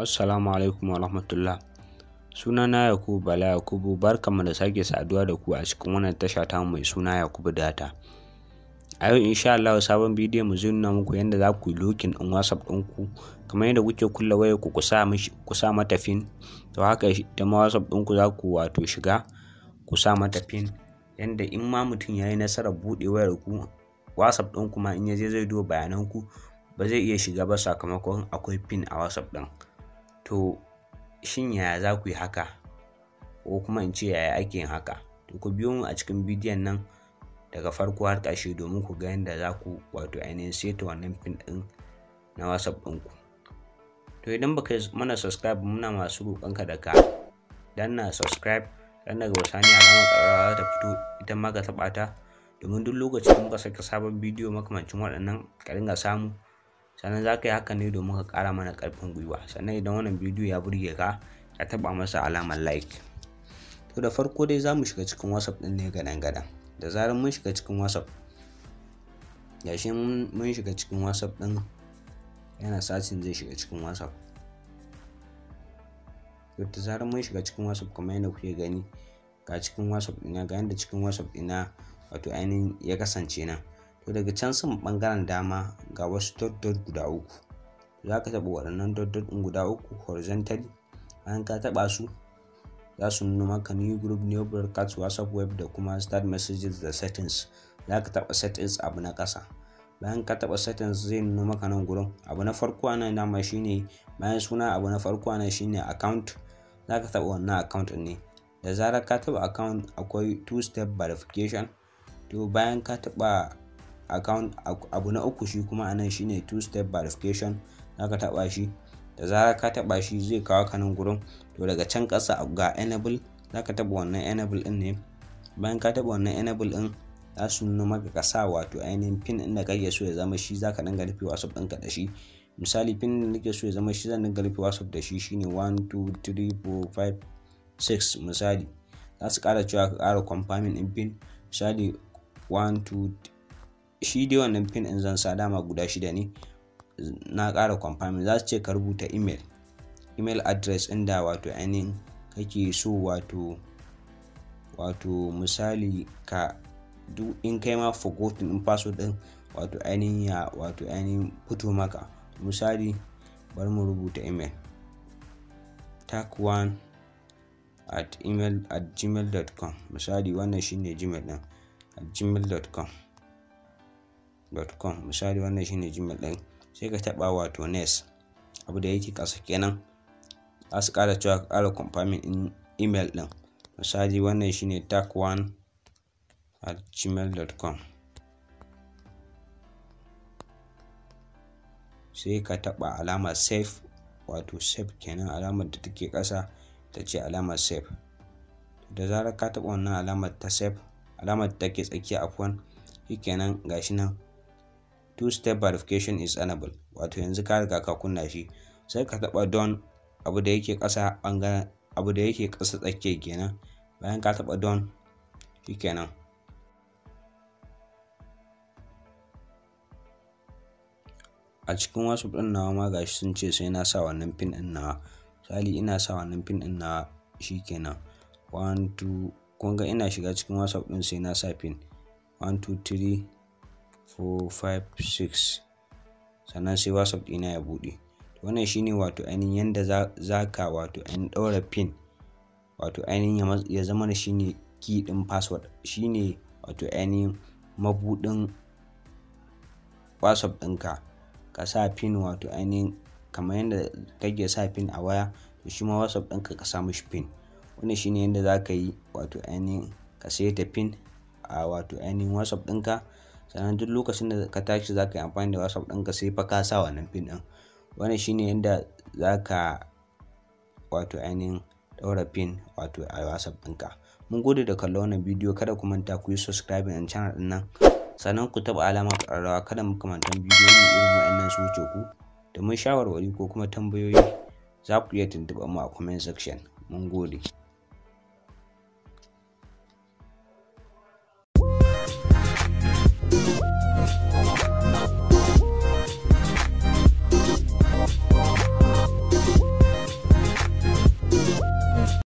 Assalamu alaikum wa rahmatullah. Sunana Yakubu Bala Yakubu barkama da sake saduwa da ku a cikin wannan tasha ta mai suna Yakubu Data. A yau insha Allah sabon bidiyo mu zai muku yanda za ku yi lokin din WhatsApp ɗinku kamar yadda kuke kulla waya ku mishi kusa mata fin to haka ta ma WhatsApp ɗinku za ku wato shiga ku mata fin yadda in ma mutum yayi yi nasarar buɗe wayar ku WhatsApp ku ma in ya je zai duba bayanan ku ba zai iya shiga ba sakamakon akwai pin a WhatsApp ɗin. to shin yaya za ku yi haka ko kuma in ce yaya ake yin haka to ku biyo mu a cikin bidiyon nan daga farko har ƙarshe domin ku ga yadda za ku wato ainihin seta wannan pin ɗin na whatsapp ɗinku to idan baka mana subscribe muna masu roƙonka da ka danna subscribe danna ga wasani alamar ƙararrawa ta fito ita ma ka taɓa ta domin duk lokacin muka saka sabon bidiyo makamancin waɗannan ka dinga samu sannan za ka yi haka ne domin ka ƙara mana ƙarfin gwiwa sannan idan wannan bidiyo ya burge ka ka taɓa masa alamar like to da farko dai za mu shiga cikin whatsapp din ne gadan gadan da zarar mun shiga cikin whatsapp shi mun shiga cikin whatsapp ɗin yana satin zai shiga cikin whatsapp to da zarar mun shiga cikin whatsapp kamar yadda kuke gani ga cikin whatsapp ina ga yadda cikin whatsapp ina wato ainihin ya kasance nan to daga can sun bangaren dama ga wasu dot dot guda uku za ka taɓa waɗannan dot dot guda uku horizontally bayan ka taɓa su za su nuna maka new group new broadcast whatsapp web da kuma start messages da settings za ka taɓa settings abu na ƙasa bayan ka taɓa settings zai nuna maka nan gurin abu na farko a nan dama shine bayan suna abu na farko a nan shine account za ka taɓa wannan account ne da zarar ka taɓa account akwai two step verification to bayan ka taɓa account abu na uku shi kuma anan shine two step verification zaka taba shi da zarar ka taba shi zai kawo ka nan gurin to daga can kasa ga enable zaka taba wannan enable din ne bayan ka taba wannan enable din za su nuna maka ka sa wato ainihin pin din da kake so ya zama shi zaka dinga rufe whatsapp ɗinka da shi misali pin da kake so ya zama shi zan dinga rufe whatsapp da shi shine 1 2 3 4 5 6 misali za su kara cewa ka kara confirming din pin misali 1 2 shi dai wannan pin in zan sa dama guda shida ne na ƙara confirming za su ce ka rubuta email email address inda wato ainihin kake so wato wato misali ka duk in kai ma forgotten in password din wato ainihin ya wato ainihin fito maka misali bar mu rubuta email tak 1 at email at gmail.com misali wannan shine gmail din at gmail.com gmail.com misali wannan shine gmail ɗin sai ka taɓa wato nes abu da yake ƙasa kenan za su kara cewa ka kara confirming in email ɗin misali wannan shine tag1 at gmail.com sai ka taɓa alamar save wato save kenan alamar da take ƙasa ta ce alamar save da zarar ka taɓa wannan alamar ta save alamar da take tsakiya shi kenan gashi nan two step verification is enabled wato yanzu ka riga ka kunna shi sai ka taba don abu da yake kasa bangaren abu da yake kasa tsakiya kenan bayan ka taba don kenan. a cikin wasu ɗin nawa ma gashi sun ce sai na sa wannan pin ɗin nawa sali ina sa wannan pin ɗin nawa shikenan 1 2 kun ga ina shiga cikin wasu ɗin sai na sa pin 1 2 3 456 sannan sai whatsapp ɗina ya buɗe wannan shine wato ainihin yanda za ka wato ainihin ɗaura pin wato ainihin ya zama da shine key ɗin password shine wato ainihin mabuɗin whatsapp ɗinka ka sa pin wato ainihin kamar yadda kake sa pin a waya to shi ma whatsapp ɗinka ka sa shi pin wannan shine yanda za ka yi wato ainihin ka saita pin a wato ainihin whatsapp ɗinka sannan duk lokacin da ka tashi za ka yi amfani da whatsapp ɗinka sai fa ka sa wannan pin ɗin wannan shine yadda za ka wato ainihin ɗaura pin wato a whatsapp ɗinka mun gode da kallon wannan bidiyo kada ku manta ku yi subscribing a channel ɗin nan sannan ku taɓa alamar ƙararrawa kada mu bidiyo bidiyoyi irin waɗannan su wuce ku da mun shawarwari ko kuma tambayoyi za ku iya tuntuɓa mu a comment section mun gode